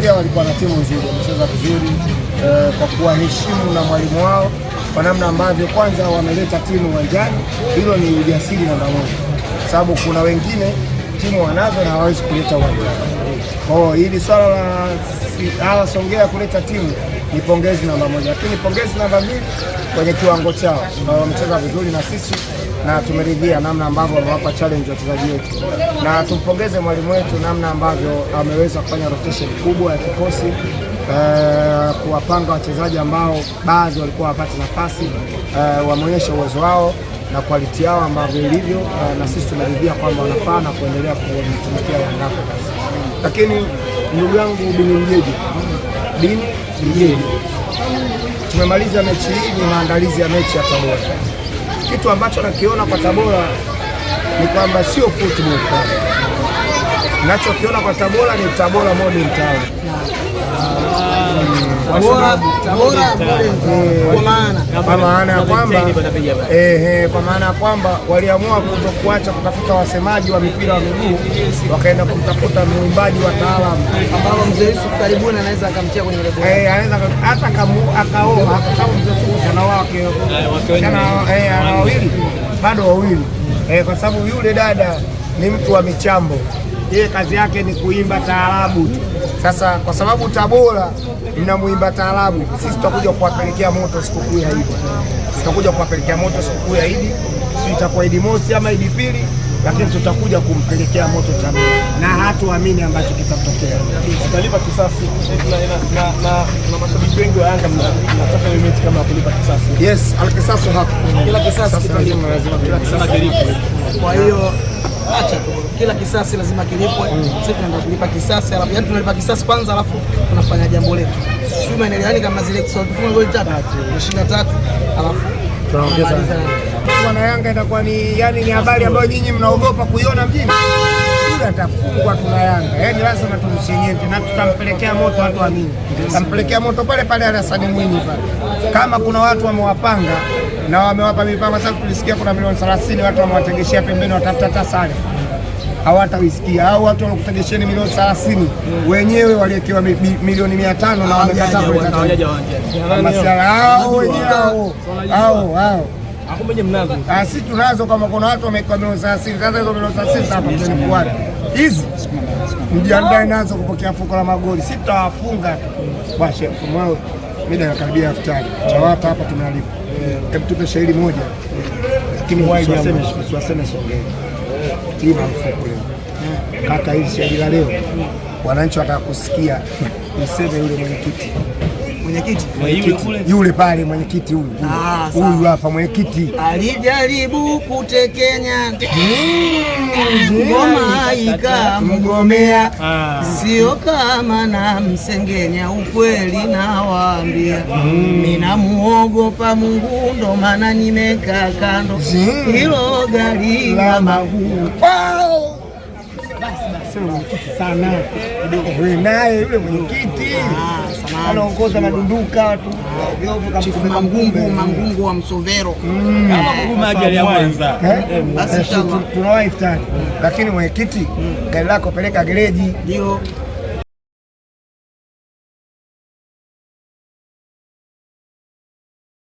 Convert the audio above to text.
Songea walikuwa na timu nzuri, wamecheza vizuri eh, kwa kuwaheshimu na mwalimu wao kwa namna ambavyo kwanza wameleta timu uwanjani. Hilo ni ujasiri namba moja, sababu kuna wengine timu wanazo na hawawezi kuleta uwanjani. Kwa hili swala la hawa Songea kuleta timu ni pongezi namba moja, lakini pongezi namba mbili kwenye kiwango chao, wamecheza vizuri na sisi na tumeridhia namna ambavyo wamewapa challenge wachezaji wetu, na tumpongeze mwalimu wetu namna ambavyo ameweza kufanya rotation kubwa ya kikosi uh, kuwapanga wachezaji ambao baadhi walikuwa wapati nafasi uh, wameonyesha uwezo wao na quality yao ambavyo ilivyo, uh, na sisi tumeridhia kwamba wanafaa na kuendelea kumtumikia Yanga. Lakini ndugu yangu Dini Mjeji Dini kijini. Tumemaliza mechi hii, ni maandalizi ya mechi ya Tabora. Kitu ambacho nakiona kwa Tabora ni kwamba sio football club, nachokiona kwa Tabora ni Tabora Modern Town. Tabora Modern Town kwa maana ya kwamba ehe, kwa maana ya kwamba waliamua kutokuacha kutafuta wasemaji wa mipira wa miguu, wakaenda kumtafuta mwimbaji wa taalamu ambao mzee Yusuf karibuni anaweza akamtia kwenye lebo eh, anaweza hata kama akaoa kama mzee Yusuf ana wake eh, eh, ana wawili bado wawili eh, kwa sababu yule dada ni mtu wa michambo yeye kazi yake ni kuimba taarabu tu. Sasa kwa sababu Tabora mnamuimba taarabu, sisi tutakuja kuwapelekea moto sikukuu ya Idi, tutakuja kuwapelekea moto sikukuu ya Idi, si itakuwa Idi mosi ama Idi pili, lakini tutakuja kumpelekea moto Tabora na hatuamini ambacho kitatokea. Tutalipa kisasi na mashabiki wengi wa Yanga mnataka mechi kama kulipa kisasi. Yes, alkisasu hapo, kila kisasi lazima, kila kisasi. Kwa hiyo acha kila kisasi lazima kilipwe. Mm. Sisi tunaenda kulipa kisasi, alafu yani tunalipa kisasi kwanza, alafu tunafanya jambo letu, sio maneno yani kama zile kufunga goli tatu na tatu, alafu tunaongeza na Yanga itakuwa ni yani ni habari ambayo nyinyi mnaogopa kuiona mjini atafungwa tuna Yanga, yaani lazima tumshenyeje, na tutampelekea moto watu wa mimi. Tutampelekea moto pale pale Alasani Mwinyi pale, kama kuna watu wamewapanga na wamewapa mipaka, sababu tulisikia kuna milioni 30 watu wamewategeshea pembeni, watafuta hata sare hawataisikia au watu wanakutegesheni milioni 30 wenyewe waliwekewa milioni mia tano na wamekataa kuleta wenyewe hao. Sisi ah, tunazo kama kuna watu wamewekewa milioni 30. Sasa hizo milioni 30 hapa ni wapi? Hizi mjiandae nazo kupokea fuko la magoli, si tutawafunga. mwao. mimi nakaribia iftari, TAWATA hapa tumealipa kamtupa shairi moja, lakini siwaseme songea hii marufuku leo. Kaka, hili shairi la leo wananchi watakusikia, useme yule mwenyekiti mwenyekiti yule pale, mwenyekiti huyu ah, huyu hapa, mwenyekiti alijaribu kutekenya mm, ngoma ikamgomea, ah. sio kama na msengenya. Ukweli nawaambia, mm. ninamuogopa Mungu, ndo maana nimekaa kando mm. hilo gari la maguu sana naye yule mwenyekiti ah, anaongoza madunduka tu Mangungu wa Msovero hmm. eh? Eh, tunawahi iftari, lakini mwenyekiti, gari lako peleka gereji ndio